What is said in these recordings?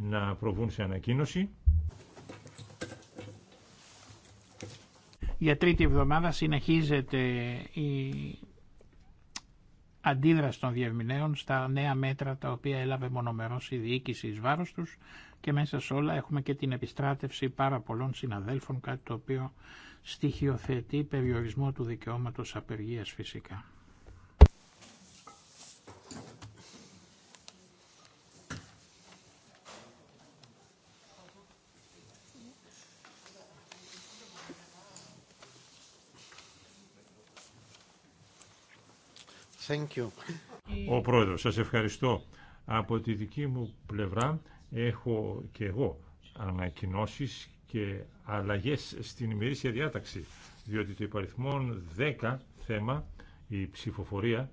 να προβούν σε ανακοίνωση. Για τρίτη εβδομάδα συνεχίζεται η αντίδραση των διευμηνέων στα νέα μέτρα τα οποία έλαβε μονομερός η διοίκηση εις βάρος τους και μέσα σε όλα έχουμε και την επιστράτευση πάρα πολλών συναδέλφων, κάτι το οποίο στοιχειοθετεί περιορισμό του δικαιώματος απεργίας φυσικά. Thank you. Ο πρόεδρος, σας ευχαριστώ. Από τη δική μου πλευρά έχω και εγώ ανακοινώσεις και αλλαγές στην ημερήσια διάταξη, διότι το υπαριθμόν 10 θέμα, η ψηφοφορία,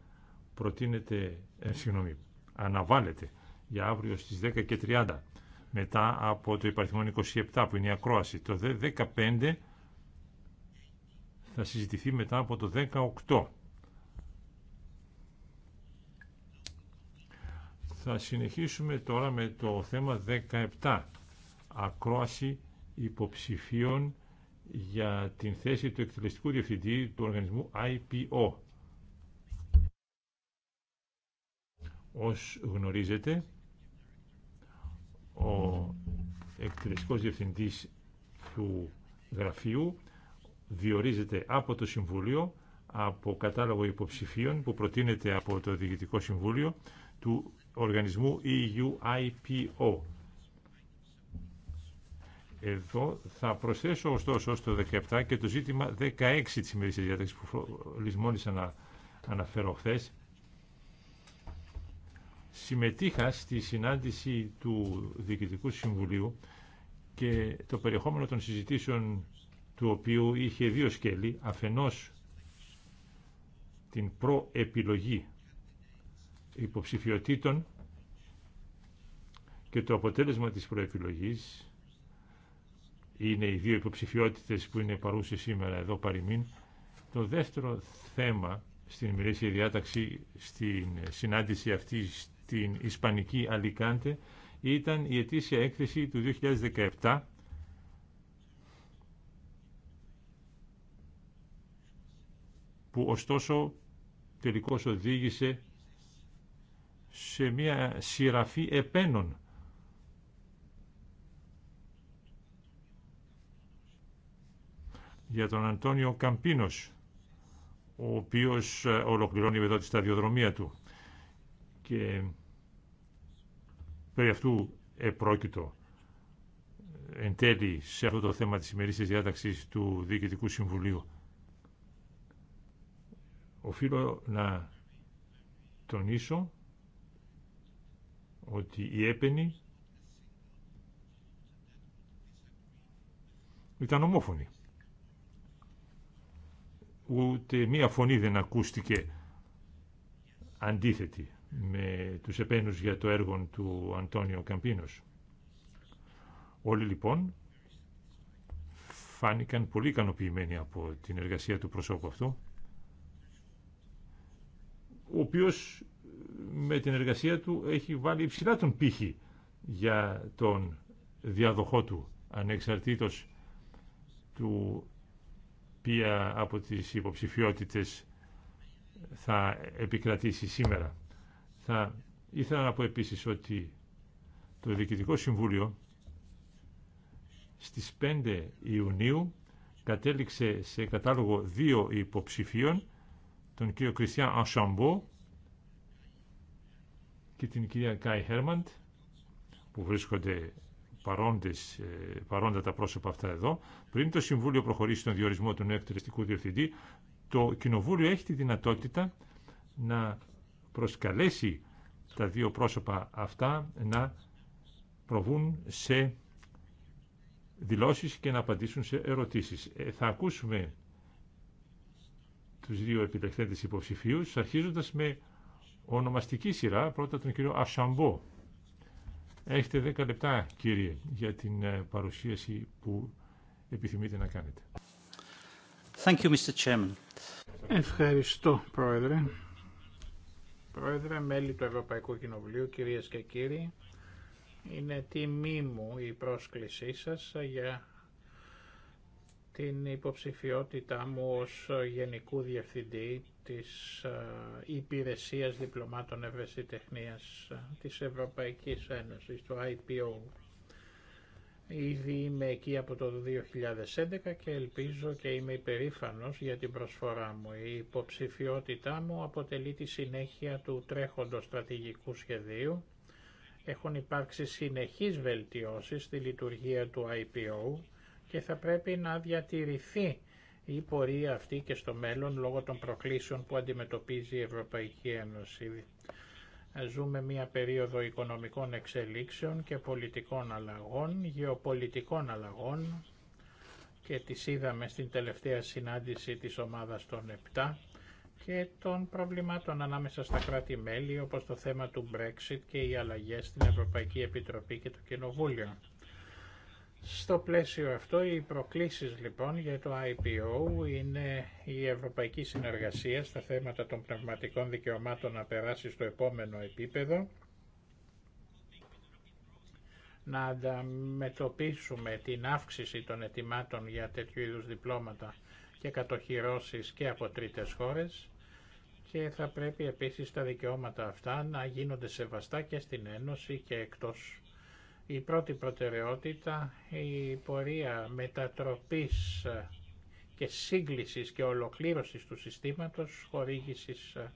προτείνεται, ε, συγγνώμη, αναβάλλεται για αύριο στις 10 και 30 μετά από το υπαριθμόν 27 που είναι η ακρόαση. Το 15 θα συζητηθεί μετά από το 18. Θα συνεχίσουμε τώρα με το θέμα 17. Ακρόαση υποψηφίων για την θέση του εκτελεστικού διευθυντή του οργανισμού IPO. Ως γνωρίζετε, ο εκτελεστικός διευθυντής του γραφείου διορίζεται από το Συμβούλιο, από κατάλογο υποψηφίων που προτείνεται από το Διοικητικό Συμβούλιο του οργανισμού EUIPO. Εδώ θα προσθέσω ωστόσο στο 17 και το ζήτημα 16 της ημερής διάταξης που λησμόνησα να αναφέρω χθε. Συμμετείχα στη συνάντηση του Διοικητικού Συμβουλίου και το περιεχόμενο των συζητήσεων του οποίου είχε δύο σκέλη, αφενός την προεπιλογή υποψηφιωτήτων και το αποτέλεσμα της προεπιλογής είναι οι δύο υποψηφιότητες που είναι παρούσες σήμερα εδώ παροιμήν. Το δεύτερο θέμα στην ημερήσια διάταξη στην συνάντηση αυτή στην Ισπανική Αλικάντε ήταν η ετήσια έκθεση του 2017 που ωστόσο τελικώς οδήγησε σε μια σειραφή επένων. για τον Αντώνιο Καμπίνος, ο οποίος ε, ολοκληρώνει εδώ τη σταδιοδρομία του. Και περί αυτού επρόκειτο εν τέλει σε αυτό το θέμα της ημερήσιας διάταξης του Διοικητικού Συμβουλίου. Οφείλω να τονίσω ότι η έπαινη ήταν ομόφωνη. Ούτε μία φωνή δεν ακούστηκε αντίθετη με τους επένους για το έργο του Αντώνιο Καμπίνος. Όλοι λοιπόν φάνηκαν πολύ ικανοποιημένοι από την εργασία του προσώπου αυτού, ο οποίος με την εργασία του έχει βάλει υψηλά τον πύχη για τον διαδοχό του ανεξαρτήτως του ποια από τις υποψηφιότητες θα επικρατήσει σήμερα. Θα ήθελα να πω επίσης ότι το Διοικητικό Συμβούλιο στις 5 Ιουνίου κατέληξε σε κατάλογο δύο υποψηφίων, τον κύριο Κριστιαν και την κυρία Κάι Χέρμαντ που βρίσκονται παρόντες, ε, παρόντα τα πρόσωπα αυτά εδώ. Πριν το Συμβούλιο προχωρήσει στον διορισμό του νέου εκτελεστικού διευθυντή, το Κοινοβούλιο έχει τη δυνατότητα να προσκαλέσει τα δύο πρόσωπα αυτά να προβούν σε δηλώσεις και να απαντήσουν σε ερωτήσεις. Ε, θα ακούσουμε τους δύο επιλεχθέντες υποψηφίους, αρχίζοντας με ονομαστική σειρά, πρώτα τον κύριο Ασαμπό. Έχετε 10 λεπτά, κύριε, για την ε, παρουσίαση που επιθυμείτε να κάνετε. Thank you, Mr. Chairman. Ευχαριστώ, Πρόεδρε. Πρόεδρε, μέλη του Ευρωπαϊκού Κοινοβουλίου, κυρίες και κύριοι, είναι τιμή μου η πρόσκλησή σας για την υποψηφιότητά μου ως Γενικού Διευθυντή της ε, Υπηρεσίας Διπλωμάτων Τεχνίας ε, της Ευρωπαϊκής Ένωσης, το IPO. Ήδη είμαι εκεί από το 2011 και ελπίζω και είμαι υπερήφανος για την προσφορά μου. Η υποψηφιότητά μου αποτελεί τη συνέχεια του τρέχοντος στρατηγικού σχεδίου. Έχουν υπάρξει συνεχείς βελτιώσεις στη λειτουργία του IPO και θα πρέπει να διατηρηθεί η πορεία αυτή και στο μέλλον λόγω των προκλήσεων που αντιμετωπίζει η Ευρωπαϊκή Ένωση. Ζούμε μία περίοδο οικονομικών εξελίξεων και πολιτικών αλλαγών, γεωπολιτικών αλλαγών και τις είδαμε στην τελευταία συνάντηση της ομάδας των 7 και των προβλημάτων ανάμεσα στα κράτη-μέλη όπως το θέμα του Brexit και οι αλλαγές στην Ευρωπαϊκή Επιτροπή και το Κοινοβούλιο. Στο πλαίσιο αυτό οι προκλήσεις λοιπόν για το IPO είναι η ευρωπαϊκή συνεργασία στα θέματα των πνευματικών δικαιωμάτων να περάσει στο επόμενο επίπεδο, να ανταμετωπίσουμε την αύξηση των ετοιμάτων για τέτοιου είδους διπλώματα και κατοχυρώσεις και από τρίτες χώρες και θα πρέπει επίσης τα δικαιώματα αυτά να γίνονται σεβαστά και στην Ένωση και εκτός η πρώτη προτεραιότητα, η πορεία μετατροπής και σύγκλησης και ολοκλήρωσης του συστήματος χορήγησης ε,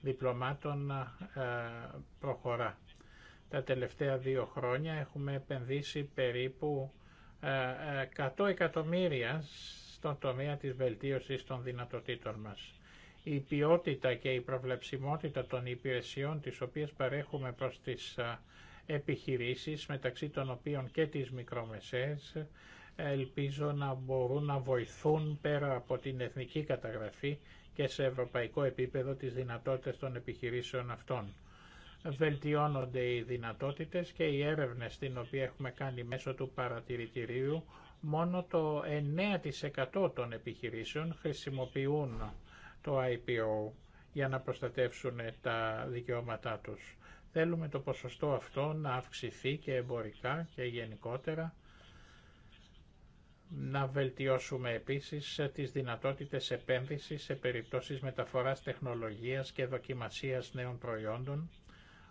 διπλωμάτων ε, προχωρά. Τα τελευταία δύο χρόνια έχουμε επενδύσει περίπου 100 ε, εκατομμύρια στον τομέα της βελτίωσης των δυνατοτήτων μας. Η ποιότητα και η προβλεψιμότητα των υπηρεσιών τις οποίες παρέχουμε προς τις επιχειρήσεις μεταξύ των οποίων και τις μικρομεσαίες ελπίζω να μπορούν να βοηθούν πέρα από την εθνική καταγραφή και σε ευρωπαϊκό επίπεδο τις δυνατότητες των επιχειρήσεων αυτών. Βελτιώνονται οι δυνατότητες και οι έρευνες την οποία έχουμε κάνει μέσω του παρατηρητηρίου μόνο το 9% των επιχειρήσεων χρησιμοποιούν το IPO για να προστατεύσουν τα δικαιώματά τους. Θέλουμε το ποσοστό αυτό να αυξηθεί και εμπορικά και γενικότερα. Να βελτιώσουμε επίσης τις δυνατότητες επένδυσης σε περιπτώσεις μεταφοράς τεχνολογίας και δοκιμασίας νέων προϊόντων,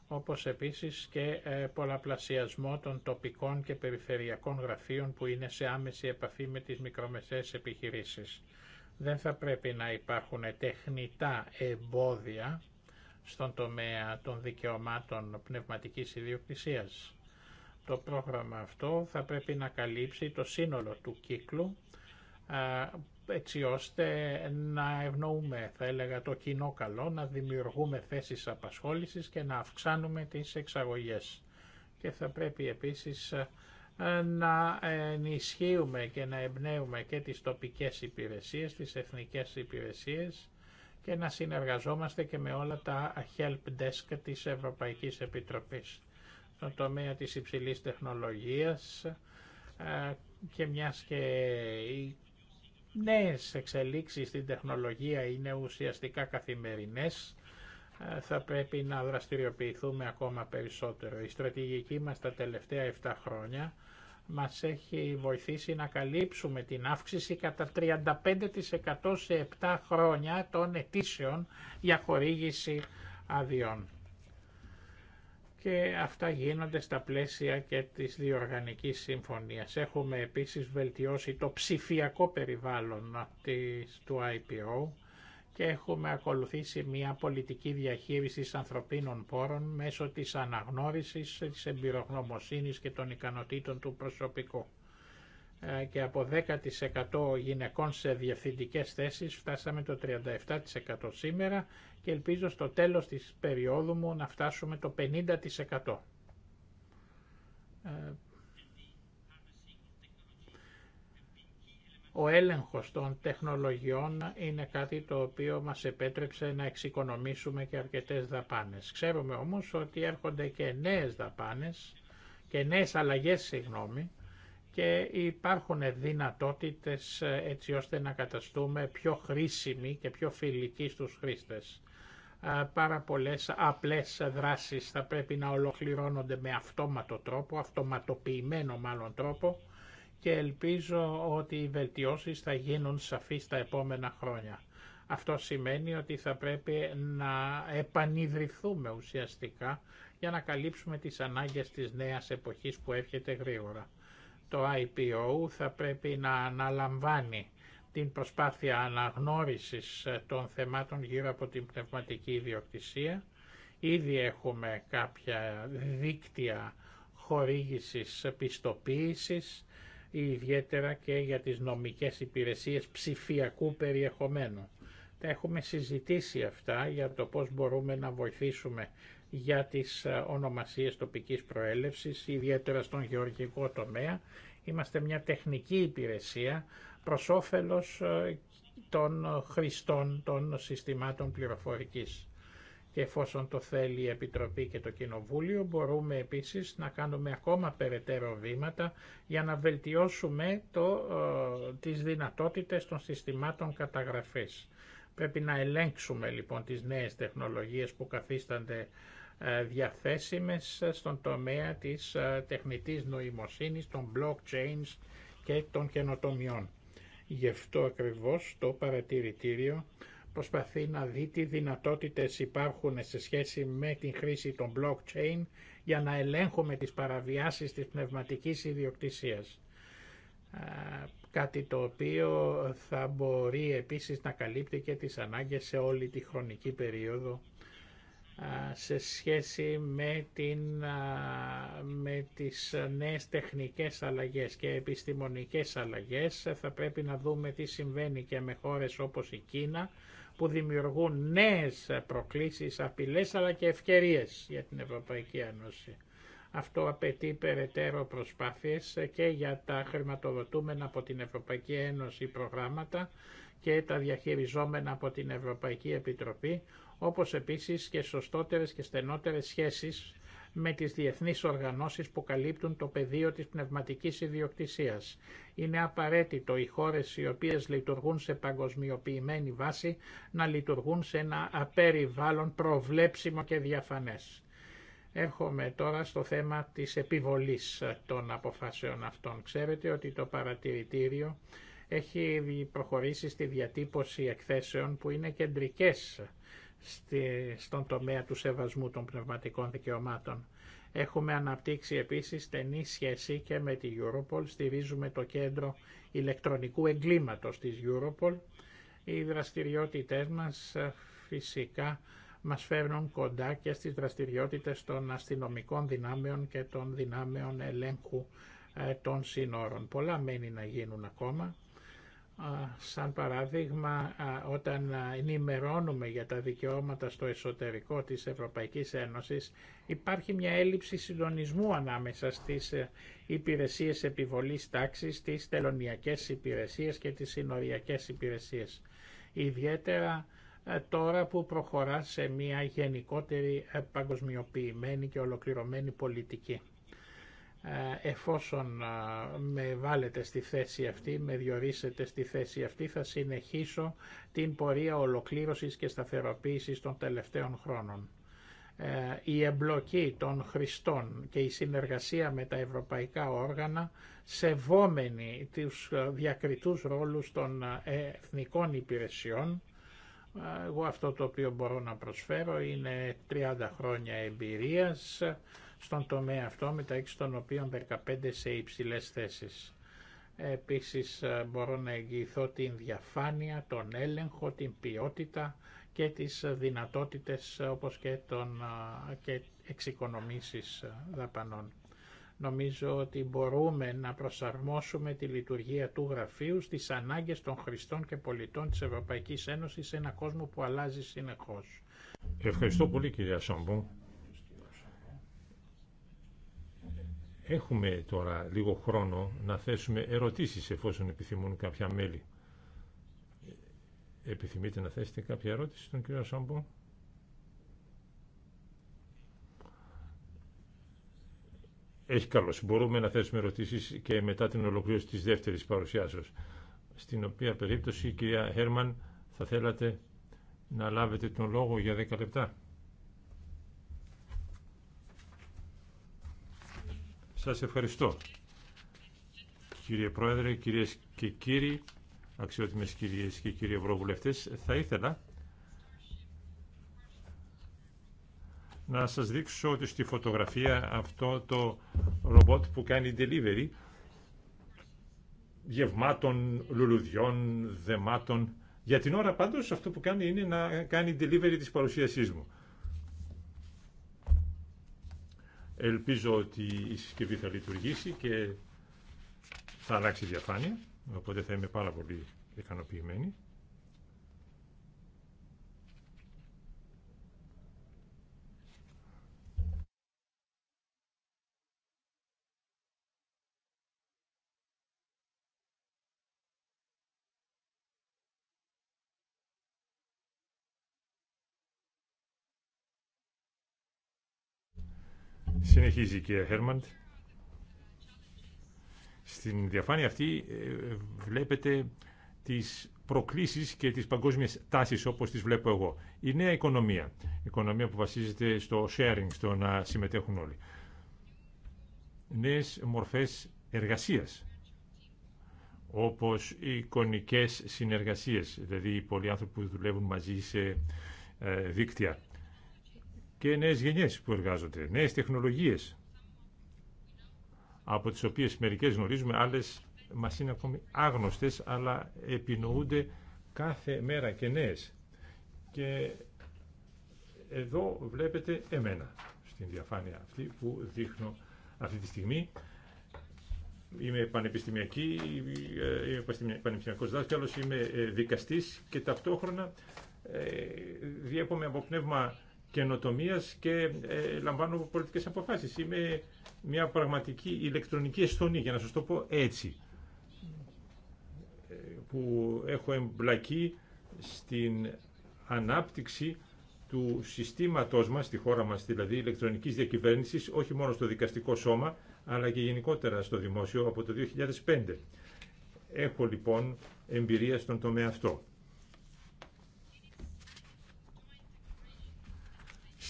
όπως επίσης και ε, πολλαπλασιασμό των τοπικών και περιφερειακών γραφείων που είναι σε άμεση επαφή με τις μικρομεσαίες επιχειρήσεις. Δεν θα πρέπει να υπάρχουν τεχνητά εμπόδια στον τομέα των δικαιωμάτων πνευματικής ιδιοκτησίας. Το πρόγραμμα αυτό θα πρέπει να καλύψει το σύνολο του κύκλου έτσι ώστε να ευνοούμε, θα έλεγα, το κοινό καλό, να δημιουργούμε θέσεις απασχόλησης και να αυξάνουμε τις εξαγωγές. Και θα πρέπει επίσης να ενισχύουμε και να εμπνέουμε και τις τοπικές υπηρεσίες, τις εθνικές υπηρεσίες, και να συνεργαζόμαστε και με όλα τα help desk της Ευρωπαϊκής Επιτροπής στον τομέα της υψηλής τεχνολογίας ε, και μιας και οι νέες εξελίξεις στην τεχνολογία είναι ουσιαστικά καθημερινές ε, θα πρέπει να δραστηριοποιηθούμε ακόμα περισσότερο. Η στρατηγική μας τα τελευταία 7 χρόνια μας έχει βοηθήσει να καλύψουμε την αύξηση κατά 35% σε 7 χρόνια των αιτήσεων για χορήγηση αδειών. Και αυτά γίνονται στα πλαίσια και της διοργανικής συμφωνίας. Έχουμε επίσης βελτιώσει το ψηφιακό περιβάλλον της, του IPO και έχουμε ακολουθήσει μια πολιτική διαχείριση ανθρωπίνων πόρων μέσω της αναγνώρισης της εμπειρογνωμοσύνης και των ικανοτήτων του προσωπικού. Ε, και από 10% γυναικών σε διευθυντικές θέσεις φτάσαμε το 37% σήμερα και ελπίζω στο τέλος της περίοδου μου να φτάσουμε το 50%. Ο έλεγχος των τεχνολογιών είναι κάτι το οποίο μας επέτρεψε να εξοικονομήσουμε και αρκετές δαπάνες. Ξέρουμε όμως ότι έρχονται και νέες δαπάνες και νέες αλλαγές, συγγνώμη, και υπάρχουν δυνατότητες ε, έτσι ώστε να καταστούμε πιο χρήσιμοι και πιο φιλικοί στους χρήστες. Πάρα πολλέ απλές δράσεις θα πρέπει να ολοκληρώνονται με αυτόματο τρόπο, αυτοματοποιημένο μάλλον τρόπο, και ελπίζω ότι οι βελτιώσεις θα γίνουν σαφείς τα επόμενα χρόνια. Αυτό σημαίνει ότι θα πρέπει να επανειδρυθούμε ουσιαστικά για να καλύψουμε τις ανάγκες της νέας εποχής που έρχεται γρήγορα. Το IPO θα πρέπει να αναλαμβάνει την προσπάθεια αναγνώρισης των θεμάτων γύρω από την πνευματική ιδιοκτησία. Ήδη έχουμε κάποια δίκτυα χορήγησης πιστοποίησης ιδιαίτερα και για τις νομικές υπηρεσίες ψηφιακού περιεχομένου. Τα έχουμε συζητήσει αυτά για το πώς μπορούμε να βοηθήσουμε για τις ε, ονομασίες τοπικής προέλευσης, ιδιαίτερα στον γεωργικό τομέα. Είμαστε μια τεχνική υπηρεσία προς όφελος ε, των χρηστών των συστημάτων πληροφορικής και εφόσον το θέλει η Επιτροπή και το Κοινοβούλιο μπορούμε επίσης να κάνουμε ακόμα περαιτέρω βήματα για να βελτιώσουμε το, ε, τις δυνατότητες των συστημάτων καταγραφής. Πρέπει να ελέγξουμε λοιπόν τις νέες τεχνολογίες που καθίστανται ε, διαθέσιμες στον τομέα της ε, τεχνητής νοημοσύνης, των blockchains και των καινοτομιών. Γι' αυτό ακριβώς το παρατηρητήριο προσπαθεί να δει τι δυνατότητες υπάρχουν σε σχέση με την χρήση των blockchain για να ελέγχουμε τις παραβιάσεις της πνευματικής ιδιοκτησίας. Κάτι το οποίο θα μπορεί επίσης να καλύπτει και τις ανάγκες σε όλη τη χρονική περίοδο σε σχέση με, την, με τις νέες τεχνικές αλλαγές και επιστημονικές αλλαγές θα πρέπει να δούμε τι συμβαίνει και με χώρες όπως η Κίνα που δημιουργούν νέες προκλήσεις, απειλές αλλά και ευκαιρίες για την Ευρωπαϊκή Ένωση. Αυτό απαιτεί περαιτέρω προσπάθειες και για τα χρηματοδοτούμενα από την Ευρωπαϊκή Ένωση προγράμματα και τα διαχειριζόμενα από την Ευρωπαϊκή Επιτροπή, όπως επίσης και σωστότερες και στενότερες σχέσεις με τις διεθνείς οργανώσεις που καλύπτουν το πεδίο της πνευματικής ιδιοκτησίας. Είναι απαραίτητο οι χώρες οι οποίες λειτουργούν σε παγκοσμιοποιημένη βάση να λειτουργούν σε ένα απεριβάλλον προβλέψιμο και διαφανές. Έρχομαι τώρα στο θέμα της επιβολής των αποφάσεων αυτών. Ξέρετε ότι το παρατηρητήριο έχει προχωρήσει στη διατύπωση εκθέσεων που είναι κεντρικές στον τομέα του σεβασμού των πνευματικών δικαιωμάτων. Έχουμε αναπτύξει επίσης στενή σχέση και με τη Europol, στηρίζουμε το κέντρο ηλεκτρονικού εγκλήματος της Europol. Οι δραστηριότητές μας ε, φυσικά μας φέρνουν κοντά και στις δραστηριότητες των αστυνομικών δυνάμεων και των δυνάμεων ελέγχου ε, των σύνορων. Πολλά μένει να γίνουν ακόμα σαν παράδειγμα όταν ενημερώνουμε για τα δικαιώματα στο εσωτερικό της Ευρωπαϊκής Ένωσης υπάρχει μια έλλειψη συντονισμού ανάμεσα στις ε, υπηρεσίες επιβολής τάξης, τις τελωνιακές υπηρεσίες και τις συνοριακές υπηρεσίες. Ιδιαίτερα τώρα που προχωρά σε μια γενικότερη ε, παγκοσμιοποιημένη και ολοκληρωμένη πολιτική. Ε, εφόσον με βάλετε στη θέση αυτή, με διορίσετε στη θέση αυτή, θα συνεχίσω την πορεία ολοκλήρωσης και σταθεροποίησης των τελευταίων χρόνων. Ε, η εμπλοκή των χρηστών και η συνεργασία με τα ευρωπαϊκά όργανα, σεβόμενοι τους διακριτούς ρόλους των εθνικών υπηρεσιών, εγώ αυτό το οποίο μπορώ να προσφέρω είναι 30 χρόνια εμπειρίας, στον τομέα αυτό, μεταξύ των οποίων 15 σε υψηλές θέσεις. Επίσης ε, μπορώ να εγγυηθώ την διαφάνεια, τον έλεγχο, την ποιότητα και τις δυνατότητες ε, όπως και, τον, ε, και εξοικονομήσεις δαπανών. Νομίζω ότι μπορούμε να προσαρμόσουμε τη λειτουργία του γραφείου στις ανάγκες των χρηστών και πολιτών της Ευρωπαϊκής Ένωσης σε ένα κόσμο που αλλάζει συνεχώς. Ευχαριστώ πολύ κυρία Σόμπο. Έχουμε τώρα λίγο χρόνο να θέσουμε ερωτήσεις εφόσον επιθυμούν κάποια μέλη. Επιθυμείτε να θέσετε κάποια ερώτηση στον κύριο Σάμπο. Έχει καλώ Μπορούμε να θέσουμε ερωτήσεις και μετά την ολοκλήρωση της δεύτερης παρουσιάσεως. Στην οποία περίπτωση, κυρία Χέρμαν, θα θέλατε να λάβετε τον λόγο για 10 λεπτά. Σας ευχαριστώ. Κύριε Πρόεδρε, κυρίες και κύριοι, αξιότιμες κυρίες και κύριοι ευρωβουλευτές, θα ήθελα να σας δείξω ότι στη φωτογραφία αυτό το ρομπότ που κάνει delivery γευμάτων, λουλουδιών, δεμάτων. Για την ώρα πάντως αυτό που κάνει είναι να κάνει delivery της παρουσίασής μου. Ελπίζω ότι η συσκευή θα λειτουργήσει και θα αλλάξει διαφάνεια, οπότε θα είμαι πάρα πολύ ικανοποιημένη. Συνεχίζει η Χέρμαντ. Στην διαφάνεια αυτή ε, βλέπετε τις προκλήσεις και τις παγκόσμιες τάσεις όπως τις βλέπω εγώ. Η νέα οικονομία, οικονομία που βασίζεται στο sharing, στο να συμμετέχουν όλοι. Νέες μορφές εργασίας, όπως οι εικονικές συνεργασίες, δηλαδή οι πολλοί άνθρωποι που δουλεύουν μαζί σε ε, δίκτυα και νέες γενιές που εργάζονται, νέες τεχνολογίες από τις οποίες μερικές γνωρίζουμε, άλλες μας είναι ακόμη άγνωστες, αλλά επινοούνται κάθε μέρα και νέες. Και εδώ βλέπετε εμένα στην διαφάνεια αυτή που δείχνω αυτή τη στιγμή. Είμαι πανεπιστημιακή, ε, είμαι πανεπιστημιακός δάσκαλος, είμαι ε, δικαστής και ταυτόχρονα ε, διέπομαι από πνεύμα καινοτομία και ε, λαμβάνω πολιτικές αποφάσεις. Είμαι μια πραγματική ηλεκτρονική εστονή, για να σας το πω έτσι, ε, που έχω εμπλακεί στην ανάπτυξη του συστήματός μας, στη χώρα μας δηλαδή, ηλεκτρονικής διακυβέρνησης, όχι μόνο στο δικαστικό σώμα, αλλά και γενικότερα στο δημόσιο από το 2005. Έχω λοιπόν εμπειρία στον τομέα αυτό.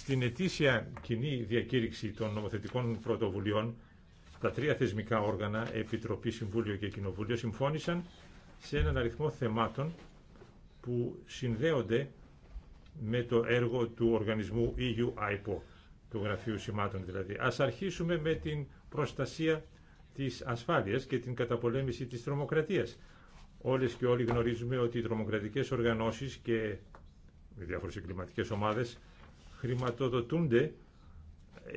Στην ετήσια κοινή διακήρυξη των νομοθετικών πρωτοβουλειών, τα τρία θεσμικά όργανα, Επιτροπή, Συμβούλιο και Κοινοβούλιο, συμφώνησαν σε έναν αριθμό θεμάτων που συνδέονται με το έργο του οργανισμού EU IPO, του Γραφείου Σημάτων δηλαδή. Ας αρχίσουμε με την προστασία της ασφάλειας και την καταπολέμηση της τρομοκρατίας. Όλες και όλοι γνωρίζουμε ότι οι τρομοκρατικές οργανώσεις και οι διάφορες εγκληματικές ομάδες χρηματοδοτούνται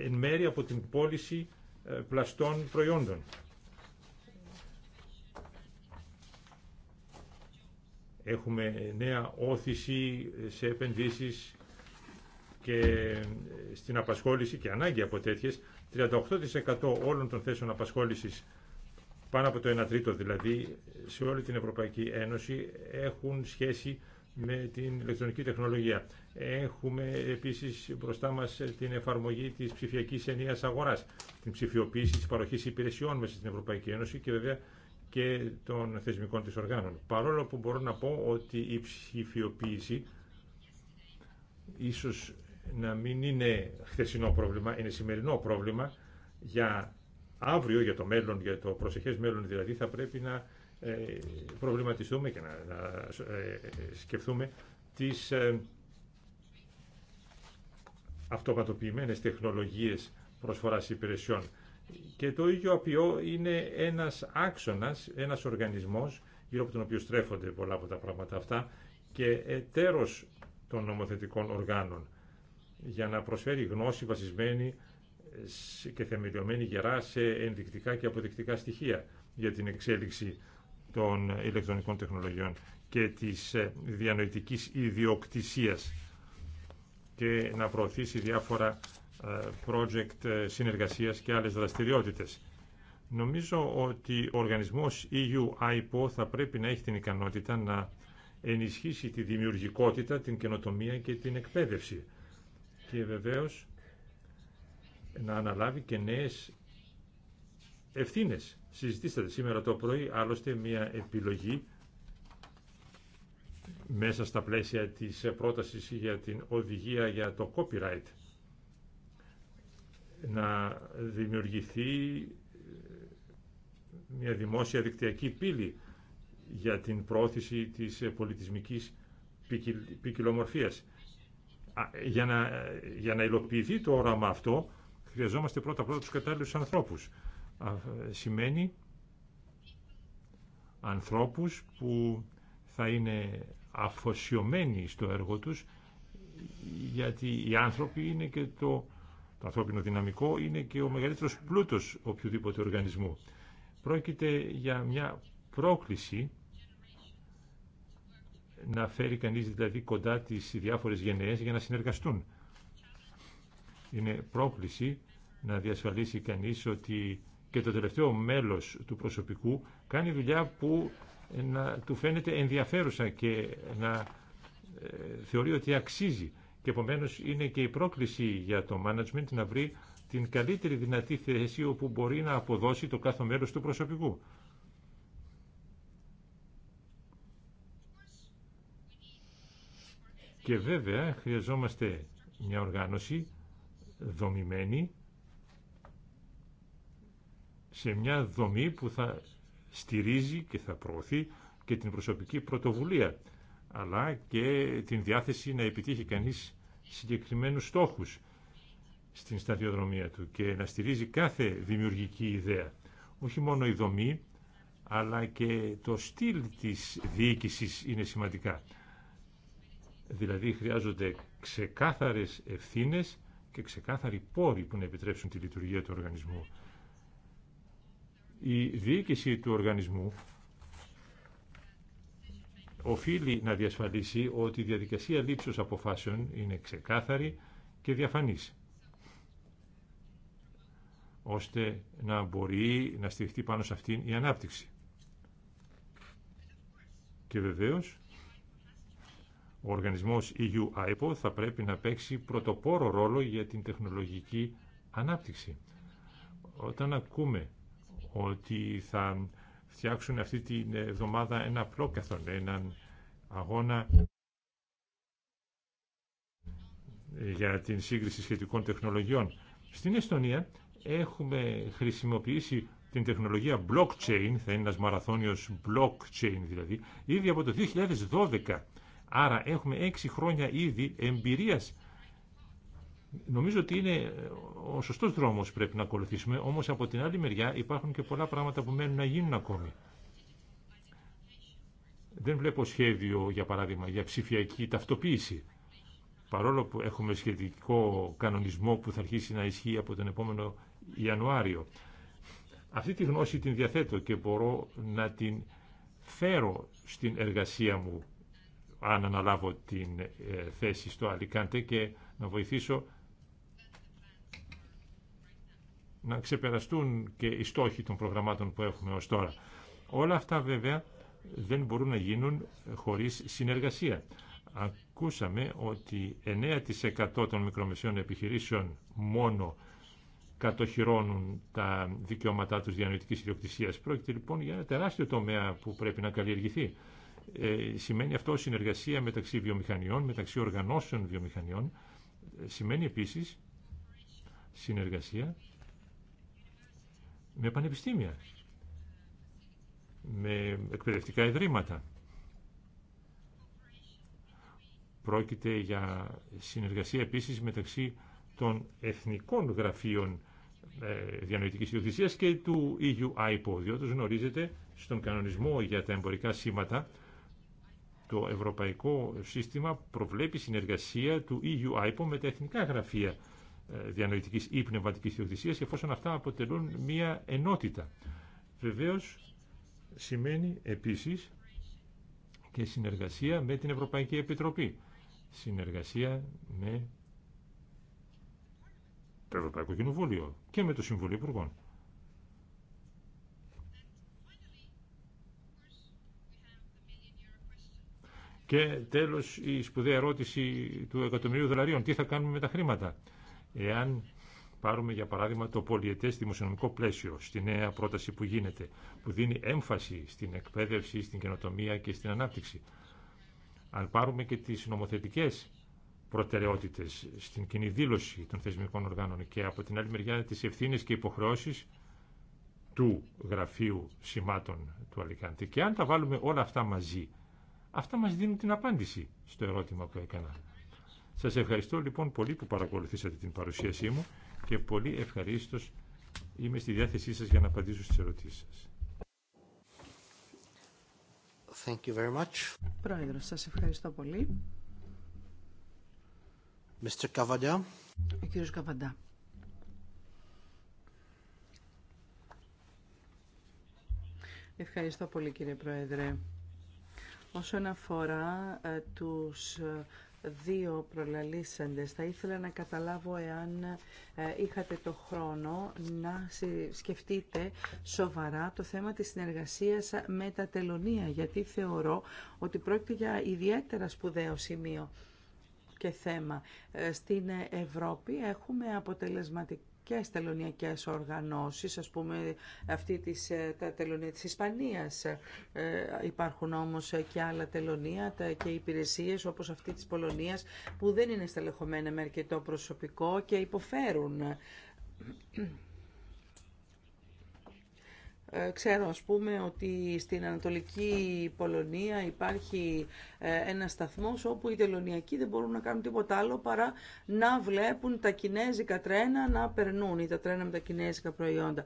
εν μέρη από την πώληση ε, πλαστών προϊόντων. Έχουμε νέα όθηση σε επενδύσεις και ε, στην απασχόληση και ανάγκη από τέτοιες. 38% όλων των θέσεων απασχόλησης, πάνω από το 1 τρίτο δηλαδή, σε όλη την Ευρωπαϊκή Ένωση έχουν σχέση με την ηλεκτρονική τεχνολογία. Έχουμε επίσης μπροστά μας την εφαρμογή της ψηφιακής ενίας αγοράς, την ψηφιοποίηση της παροχής υπηρεσιών μέσα στην Ευρωπαϊκή Ένωση και βέβαια και των θεσμικών της οργάνων. Παρόλο που μπορώ να πω ότι η ψηφιοποίηση ίσως να μην είναι χθεσινό πρόβλημα, είναι σημερινό πρόβλημα για αύριο, για το μέλλον, για το προσεχές μέλλον δηλαδή θα πρέπει να ε, προβληματιστούμε και να, ε, σκεφτούμε τις ε, αυτοματοποιημένες τεχνολογίες προσφοράς υπηρεσιών. Και το ίδιο απειό είναι ένας άξονας, ένας οργανισμός γύρω από τον οποίο στρέφονται πολλά από τα πράγματα αυτά και εταίρος των νομοθετικών οργάνων για να προσφέρει γνώση βασισμένη και θεμελιωμένη γερά σε ενδεικτικά και αποδεικτικά στοιχεία για την εξέλιξη των ηλεκτρονικών τεχνολογιών και της ε, διανοητικής ιδιοκτησίας και να προωθήσει διάφορα ε, project ε, συνεργασίας και άλλες δραστηριότητες. Νομίζω ότι ο οργανισμός EU IPO θα πρέπει να έχει την ικανότητα να ενισχύσει τη δημιουργικότητα, την καινοτομία και την εκπαίδευση και βεβαίως να αναλάβει και νέες ευθύνες συζητήσατε σήμερα το πρωί άλλωστε μια επιλογή μέσα στα πλαίσια της πρότασης για την οδηγία για το copyright να δημιουργηθεί ε, μια δημόσια δικτυακή πύλη για την πρόθεση της πολιτισμικής ποικιλομορφία. Για να, ε, για να υλοποιηθεί το όραμα αυτό, χρειαζόμαστε πρώτα-πρώτα τους κατάλληλους ανθρώπους σημαίνει ανθρώπους που θα είναι αφοσιωμένοι στο έργο τους γιατί οι άνθρωποι είναι και το, το ανθρώπινο δυναμικό είναι και ο μεγαλύτερος πλούτος οποιοδήποτε οργανισμού. Πρόκειται για μια πρόκληση να φέρει κανείς δηλαδή κοντά τις διάφορες γενναίες για να συνεργαστούν. Είναι πρόκληση να διασφαλίσει κανείς ότι και το τελευταίο μέλος του προσωπικού κάνει δουλειά που ε, να του φαίνεται ενδιαφέρουσα και ε, να ε, θεωρεί ότι αξίζει. Και επομένως είναι και η πρόκληση για το management να βρει την καλύτερη δυνατή θέση όπου μπορεί να αποδώσει το κάθε μέλος του προσωπικού. Και βέβαια χρειαζόμαστε μια οργάνωση δομημένη σε μια δομή που θα στηρίζει και θα προωθεί και την προσωπική πρωτοβουλία, αλλά και την διάθεση να επιτύχει κανείς συγκεκριμένους στόχους στην σταδιοδρομία του και να στηρίζει κάθε δημιουργική ιδέα. Όχι μόνο η δομή, αλλά και το στυλ της διοίκησης είναι σημαντικά. Δηλαδή χρειάζονται ξεκάθαρες ευθύνες και ξεκάθαροι πόροι που να επιτρέψουν τη λειτουργία του οργανισμού. Η διοίκηση του οργανισμού οφείλει να διασφαλίσει ότι η διαδικασία λήψης αποφάσεων είναι ξεκάθαρη και διαφανής ώστε να μπορεί να στηριχτεί πάνω σε αυτήν η ανάπτυξη. Και βεβαίως, ο οργανισμός EUIPO θα πρέπει να παίξει πρωτοπόρο ρόλο για την τεχνολογική ανάπτυξη. Όταν ακούμε ότι θα φτιάξουν αυτή την εβδομάδα ένα απλόκαθον, έναν αγώνα για την σύγκριση σχετικών τεχνολογιών. Στην Εστονία έχουμε χρησιμοποιήσει την τεχνολογία blockchain, θα είναι ένας μαραθώνιος blockchain δηλαδή, ήδη από το 2012. Άρα έχουμε έξι χρόνια ήδη εμπειρίας Νομίζω ότι είναι ο σωστός δρόμος πρέπει να ακολουθήσουμε, όμως από την άλλη μεριά υπάρχουν και πολλά πράγματα που μένουν να γίνουν ακόμη. Δεν βλέπω σχέδιο, για παράδειγμα, για ψηφιακή ταυτοποίηση. Παρόλο που έχουμε σχετικό κανονισμό που θα αρχίσει να ισχύει από τον επόμενο Ιανουάριο. Αυτή τη γνώση την διαθέτω και μπορώ να την φέρω στην εργασία μου αν αναλάβω την ε, θέση στο Αλικάντε και να βοηθήσω να ξεπεραστούν και οι στόχοι των προγραμμάτων που έχουμε ως τώρα. Όλα αυτά βέβαια δεν μπορούν να γίνουν χωρίς συνεργασία. Ακούσαμε ότι 9% των μικρομεσαίων επιχειρήσεων μόνο κατοχυρώνουν τα δικαιώματά τους διανοητικής ιδιοκτησίας. Πρόκειται λοιπόν για ένα τεράστιο τομέα που πρέπει να καλλιεργηθεί. Ε, σημαίνει αυτό συνεργασία μεταξύ βιομηχανιών, μεταξύ οργανώσεων βιομηχανιών. Ε, σημαίνει επίσης συνεργασία με πανεπιστήμια, με εκπαιδευτικά ιδρύματα. Πρόκειται για συνεργασία επίσης μεταξύ των εθνικών γραφείων ε, διανοητικής ιδιοκτησίας και του EU IPO, διότι γνωρίζετε στον κανονισμό για τα εμπορικά σήματα το ευρωπαϊκό σύστημα προβλέπει συνεργασία του EU IPO με τα εθνικά γραφεία ε, διανοητικής ή πνευματική και εφόσον αυτά αποτελούν μία ενότητα. Βεβαίως σημαίνει επίσης και συνεργασία με την Ευρωπαϊκή Επιτροπή. Συνεργασία με το Ευρωπαϊκό Κοινοβούλιο και με το Συμβούλιο Υπουργών. Και τέλος η σπουδαία ερώτηση του εκατομμυρίου δολαρίων. Τι θα κάνουμε με τα χρήματα. Εάν πάρουμε για παράδειγμα το πολιετές δημοσιονομικό πλαίσιο στη νέα πρόταση που γίνεται, που δίνει έμφαση στην εκπαίδευση, στην καινοτομία και στην ανάπτυξη. Αν πάρουμε και τις νομοθετικές προτεραιότητες στην κοινή δήλωση των θεσμικών οργάνων και από την άλλη μεριά τις ευθύνες και υποχρεώσεις του Γραφείου Σημάτων του Αλικάντη. Και αν τα βάλουμε όλα αυτά μαζί, αυτά μας δίνουν την απάντηση στο ερώτημα που έκανα. Σας ευχαριστώ λοιπόν πολύ που παρακολουθήσατε την παρουσίασή μου και πολύ ευχαρίστως είμαι στη διάθεσή σας για να απαντήσω στις ερωτήσεις σας. Thank you very much. σας ευχαριστώ πολύ. Mr. Καβαντά. Ευχαριστώ πολύ κύριε Πρόεδρε. Όσον αφορά ε, τους ε, δύο προλαλήσαντες. Θα ήθελα να καταλάβω εάν ε, είχατε το χρόνο να σκεφτείτε σοβαρά το θέμα της συνεργασίας με τα τελωνία, γιατί θεωρώ ότι πρόκειται για ιδιαίτερα σπουδαίο σημείο και θέμα. Ε, στην Ευρώπη έχουμε αποτελεσματικό και τελωνιακές οργανώσεις, ας πούμε αυτή της, ε, τα τελωνία της Ισπανίας. Ε, υπάρχουν όμως και άλλα τελωνία τα, και υπηρεσίες όπως αυτή της Πολωνίας που δεν είναι στελεχωμένα με αρκετό προσωπικό και υποφέρουν. Ε, ξέρω ας πούμε ότι στην Ανατολική Πολωνία υπάρχει ε, ένα σταθμός όπου οι τελωνιακοί δεν μπορούν να κάνουν τίποτα άλλο παρά να βλέπουν τα κινέζικα τρένα να περνούν ή τα τρένα με τα κινέζικα προϊόντα.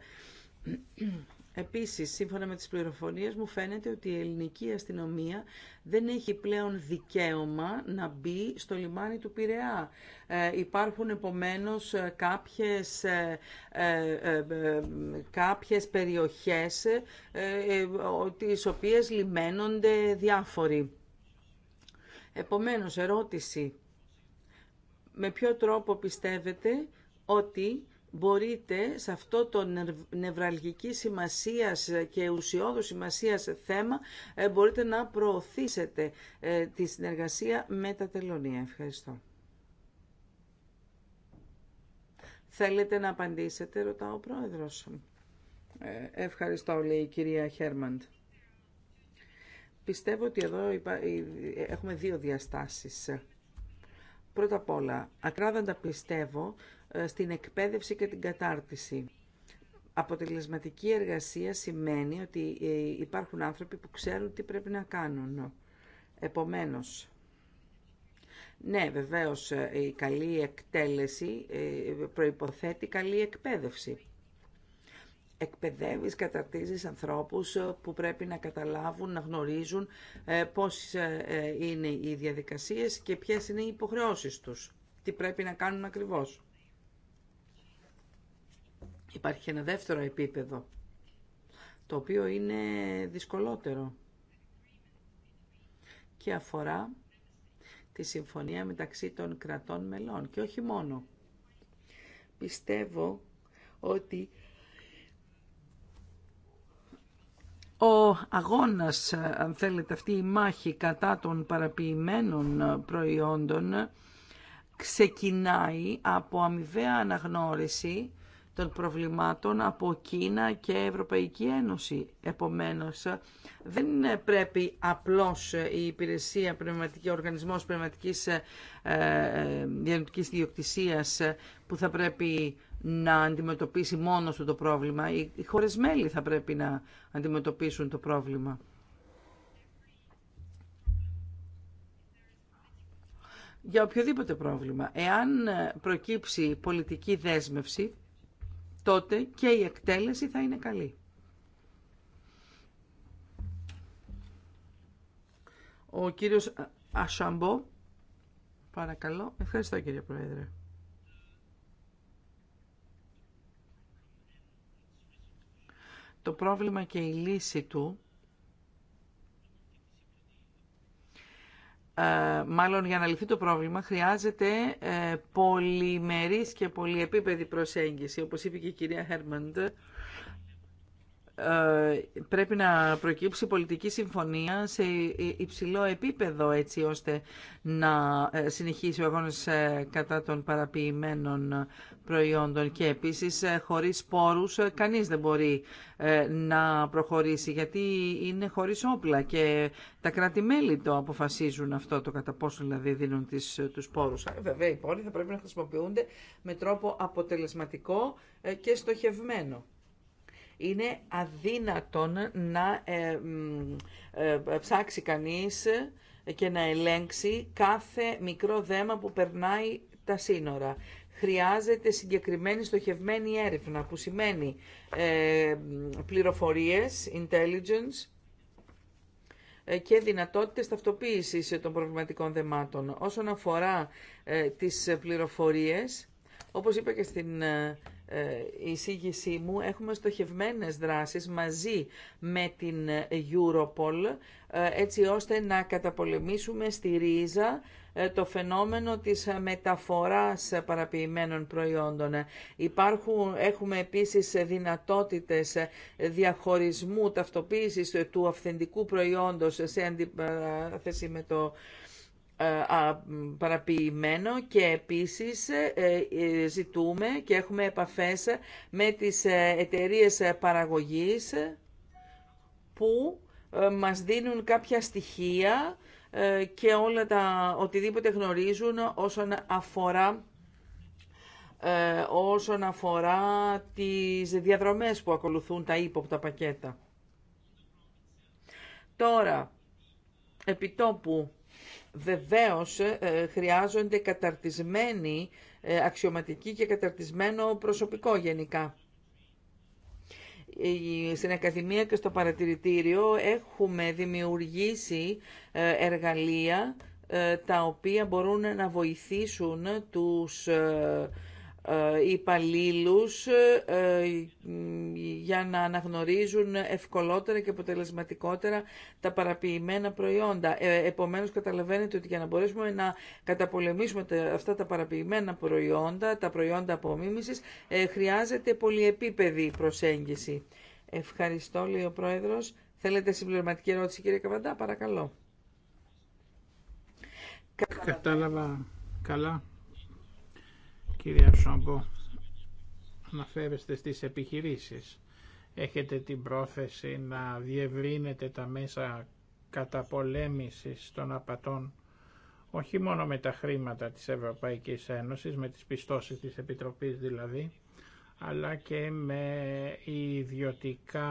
Επίσης, σύμφωνα με τις πληροφορίες μου φαίνεται ότι η ελληνική αστυνομία δεν έχει πλέον δικαίωμα να μπει στο λιμάνι του Πειραιά. Ε, υπάρχουν επομένως ε, κάποιες, ε, ε, ε, κάποιες περιοχές τις οποίες λιμένονται διάφοροι. Επομένως, ερώτηση. Με ποιο τρόπο πιστεύετε ότι μπορείτε σε αυτό το νευραλγική σημασίας και ουσιώδου σημασίας θέμα ε, μπορείτε να προωθήσετε ε, τη συνεργασία με τα τελωνία. Ευχαριστώ. Θέλετε να απαντήσετε, ρωτά ο πρόεδρος. Ε, ευχαριστώ, λέει η κυρία Χέρμαντ. Πιστεύω ότι εδώ έχουμε δύο διαστάσεις. Πρώτα απ' όλα, ακράδαντα πιστεύω ε, στην εκπαίδευση και την κατάρτιση. Αποτελεσματική εργασία σημαίνει ότι ε, υπάρχουν άνθρωποι που ξέρουν τι πρέπει να κάνουν. Επομένως, ναι, βεβαίως ε, η καλή εκτέλεση προϋποθέτει καλή εκπαίδευση. Εκπαιδεύεις, καταρτίζεις ανθρώπους που πρέπει να καταλάβουν, να γνωρίζουν πώς είναι οι διαδικασίες και ποιες είναι οι υποχρεώσεις τους. Τι πρέπει να κάνουν ακριβώς. Υπάρχει ένα δεύτερο επίπεδο, το οποίο είναι δυσκολότερο και αφορά τη συμφωνία μεταξύ των κρατών μελών και όχι μόνο. Πιστεύω ότι ο αγώνας, αν θέλετε, αυτή η μάχη κατά των παραποιημένων προϊόντων ξεκινάει από αμοιβαία αναγνώριση των προβλημάτων από Κίνα και Ευρωπαϊκή Ένωση. Επομένως, δεν πρέπει απλώς η υπηρεσία πνευματική, ο οργανισμός πνευματικής ε, διανοητικής διοκτησίας που θα πρέπει να αντιμετωπίσει μόνος του το πρόβλημα. Οι, οι χώρες μέλη θα πρέπει να αντιμετωπίσουν το πρόβλημα. για οποιοδήποτε πρόβλημα. Εάν προκύψει πολιτική δέσμευση, τότε και η εκτέλεση θα είναι καλή. Ο κύριος Ασαμπό, παρακαλώ. Ευχαριστώ κύριε Πρόεδρε. Το πρόβλημα και η λύση του Ε, μάλλον για να λυθεί το πρόβλημα χρειάζεται ε, πολυμερής και πολυεπίπεδη προσέγγιση. Όπως είπε και η κυρία Χέρμαντ, ε, πρέπει να προκύψει πολιτική συμφωνία σε υψηλό επίπεδο έτσι ώστε να ε, συνεχίσει ο αγώνας ε, κατά των παραποιημένων προϊόντων και επίσης χωρίς πόρους κανείς δεν μπορεί να προχωρήσει γιατί είναι χωρίς όπλα και τα κράτη-μέλη το αποφασίζουν αυτό το κατά πόσο δηλαδή δίνουν τις, τους πόρους. Βέβαια οι πόροι θα πρέπει να χρησιμοποιούνται με τρόπο αποτελεσματικό και στοχευμένο είναι αδύνατον να ε, ε, ψάξει κανείς και να ελέγξει κάθε μικρό δέμα που περνάει τα σύνορα. Χρειάζεται συγκεκριμένη στοχευμένη έρευνα που σημαίνει ε, πληροφορίες, intelligence ε, και δυνατότητες ταυτοποίησης των προβληματικών δεμάτων. Όσον αφορά ε, τις πληροφορίες, όπως είπα και στην ε, εισήγησή μου έχουμε στοχευμένες δράσεις μαζί με την Europol ε, έτσι ώστε να καταπολεμήσουμε στη ρίζα ε, το φαινόμενο της μεταφοράς παραποιημένων προϊόντων. Υπάρχουν, έχουμε επίσης δυνατότητες διαχωρισμού, ταυτοποίησης του αυθεντικού προϊόντος σε αντιπαράθεση με το ε, παραποιημένο και επίσης ε, ε, ζητούμε και έχουμε επαφές με τις εταιρείες παραγωγής που μας δίνουν κάποια στοιχεία και όλα τα οτιδήποτε γνωρίζουν όσον αφορά όσον αφορά τις διαδρομές που ακολουθούν τα ύποπτα πακέτα. Τώρα, επιτόπου Βεβαίως ε, χρειάζονται καταρτισμένοι ε, αξιωματικοί και καταρτισμένο προσωπικό γενικά. Στην Ακαδημία και στο Παρατηρητήριο έχουμε δημιουργήσει ε, εργαλεία τα οποία μπορούν να βοηθήσουν τους ε, υπαλλήλου ε, ε, για να αναγνωρίζουν ευκολότερα και αποτελεσματικότερα τα παραποιημένα προϊόντα. Επομένως καταλαβαίνετε ότι για να μπορέσουμε να καταπολεμήσουμε αυτά τα παραποιημένα προϊόντα, τα προϊόντα απομίμησης, χρειάζεται πολυεπίπεδη προσέγγιση. Ευχαριστώ, λέει ο Πρόεδρος. Θέλετε συμπληρωματική ερώτηση, κύριε Καβαντά, παρακαλώ. Κατάλαβα καλά Κύριε Σόμπο, αναφέρεστε στις επιχειρήσεις. Έχετε την πρόθεση να διευρύνετε τα μέσα καταπολέμησης των απατών όχι μόνο με τα χρήματα της Ευρωπαϊκής Ένωσης, με τις πιστώσεις της Επιτροπής δηλαδή, αλλά και με ιδιωτικά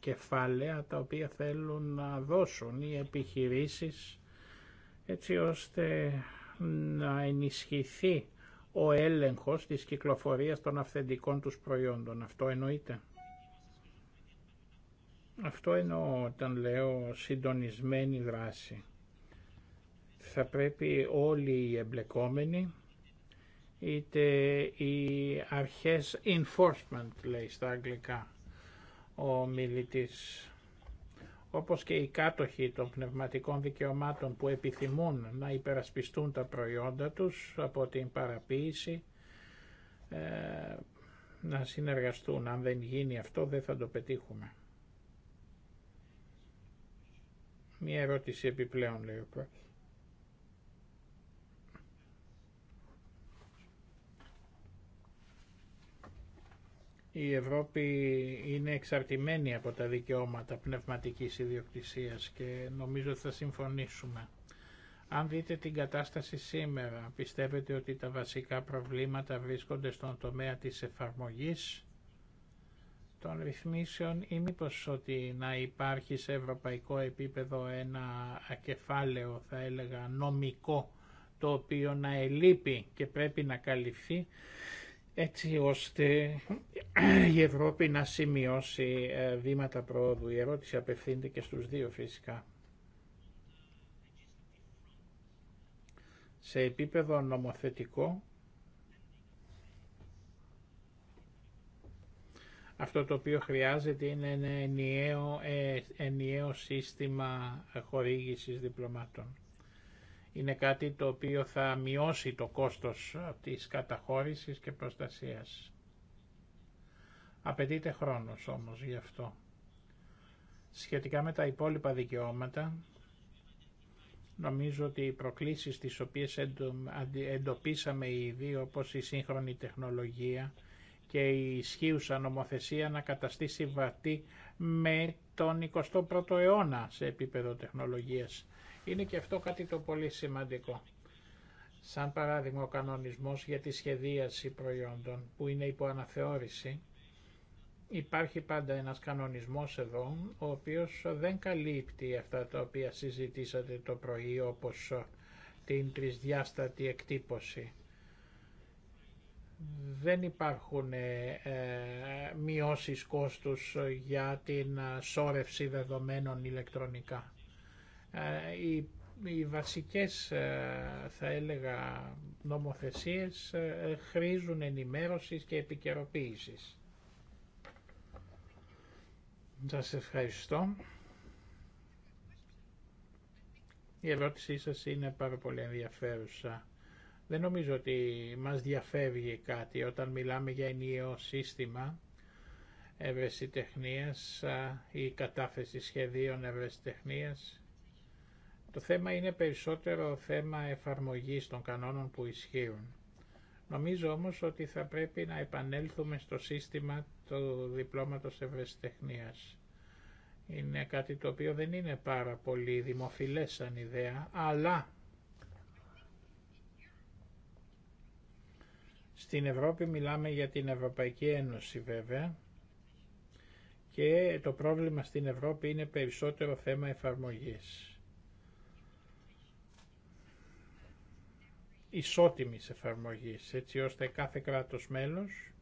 κεφάλαια τα οποία θέλουν να δώσουν οι επιχειρήσεις έτσι ώστε να ενισχυθεί ο έλεγχος της κυκλοφορίας των αυθεντικών τους προϊόντων. Αυτό εννοείται. Αυτό εννοώ όταν λέω συντονισμένη δράση. Θα πρέπει όλοι οι εμπλεκόμενοι, είτε οι αρχές enforcement λέει στα αγγλικά ο μιλητής, όπως και οι κάτοχοι των πνευματικών δικαιωμάτων που επιθυμούν να υπερασπιστούν τα προϊόντα τους από την παραποίηση ε, να συνεργαστούν. Αν δεν γίνει αυτό δεν θα το πετύχουμε. Μία ερώτηση επιπλέον λέει ο Η Ευρώπη είναι εξαρτημένη από τα δικαιώματα πνευματικής ιδιοκτησίας και νομίζω θα συμφωνήσουμε. Αν δείτε την κατάσταση σήμερα, πιστεύετε ότι τα βασικά προβλήματα βρίσκονται στον τομέα της εφαρμογής των ρυθμίσεων ή μήπω ότι να υπάρχει σε ευρωπαϊκό επίπεδο ένα κεφάλαιο, θα έλεγα, νομικό, το οποίο να ελείπει και πρέπει να καλυφθεί έτσι ώστε η Ευρώπη να σημειώσει ε, βήματα πρόοδου. Η ερώτηση απευθύνεται και στους δύο φυσικά. Σε επίπεδο νομοθετικό, αυτό το οποίο χρειάζεται είναι ένα ενιαίο, ε, ενιαίο σύστημα χορήγησης διπλωμάτων είναι κάτι το οποίο θα μειώσει το κόστος της καταχώρησης και προστασίας. Απαιτείται χρόνος όμως γι' αυτό. Σχετικά με τα υπόλοιπα δικαιώματα, νομίζω ότι οι προκλήσεις τις οποίες εντοπίσαμε ήδη, όπως η σύγχρονη τεχνολογία και η ισχύουσα νομοθεσία να καταστήσει βατή με τον 21ο αιώνα σε επίπεδο τεχνολογίας είναι και αυτό κάτι το πολύ σημαντικό. Σαν παράδειγμα ο κανονισμός για τη σχεδίαση προϊόντων που είναι υπό αναθεώρηση υπάρχει πάντα ένας κανονισμός εδώ ο οποίος δεν καλύπτει αυτά τα οποία συζητήσατε το πρωί όπως την τρισδιάστατη εκτύπωση. Δεν υπάρχουν ε, μειώσεις κόστους για την σόρευση δεδομένων ηλεκτρονικά. Ε, οι, οι βασικές ε, θα έλεγα νομοθεσίες ε, χρήζουν ενημέρωσης και επικαιροποίησης. Σας ευχαριστώ. Η ερώτησή σας είναι πάρα πολύ ενδιαφέρουσα. Δεν νομίζω ότι μας διαφεύγει κάτι όταν μιλάμε για ενιαίο σύστημα ευρεσιτεχνίας ή κατάθεση σχεδίων ευρεσιτεχνίας το θέμα είναι περισσότερο θέμα εφαρμογής των κανόνων που ισχύουν. Νομίζω όμως ότι θα πρέπει να επανέλθουμε στο σύστημα του διπλώματος ευρεσιτεχνίας. Είναι κάτι το οποίο δεν είναι πάρα πολύ δημοφιλές σαν ιδέα, αλλά στην Ευρώπη μιλάμε για την Ευρωπαϊκή Ένωση βέβαια και το πρόβλημα στην Ευρώπη είναι περισσότερο θέμα εφαρμογής. ισότιμης εφαρμογής, έτσι ώστε κάθε κράτος μέλος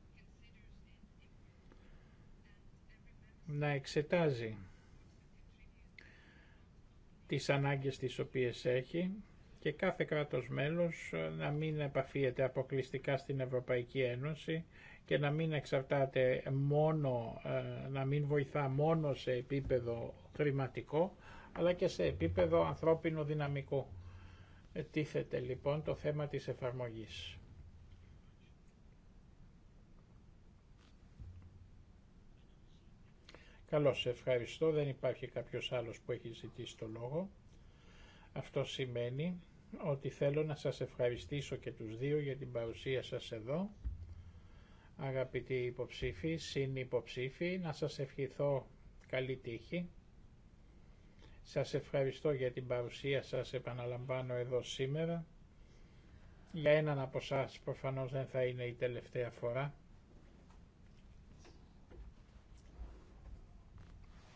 να εξετάζει τις ανάγκες τις οποίες έχει και κάθε κράτος μέλος να μην επαφίεται αποκλειστικά στην Ευρωπαϊκή Ένωση και να μην εξαρτάται μόνο, ε, να μην βοηθά μόνο σε επίπεδο χρηματικό, αλλά και σε επίπεδο ανθρώπινο δυναμικό. Τίθεται λοιπόν το θέμα της εφαρμογής. Καλώς, ευχαριστώ. Δεν υπάρχει κάποιος άλλος που έχει ζητήσει το λόγο. Αυτό σημαίνει ότι θέλω να σας ευχαριστήσω και τους δύο για την παρουσία σας εδώ. Αγαπητοί υποψήφοι, συνυποψήφοι, να σας ευχηθώ καλή τύχη σας ευχαριστώ για την παρουσία σας, επαναλαμβάνω εδώ σήμερα. Για έναν από εσά προφανώς δεν θα είναι η τελευταία φορά.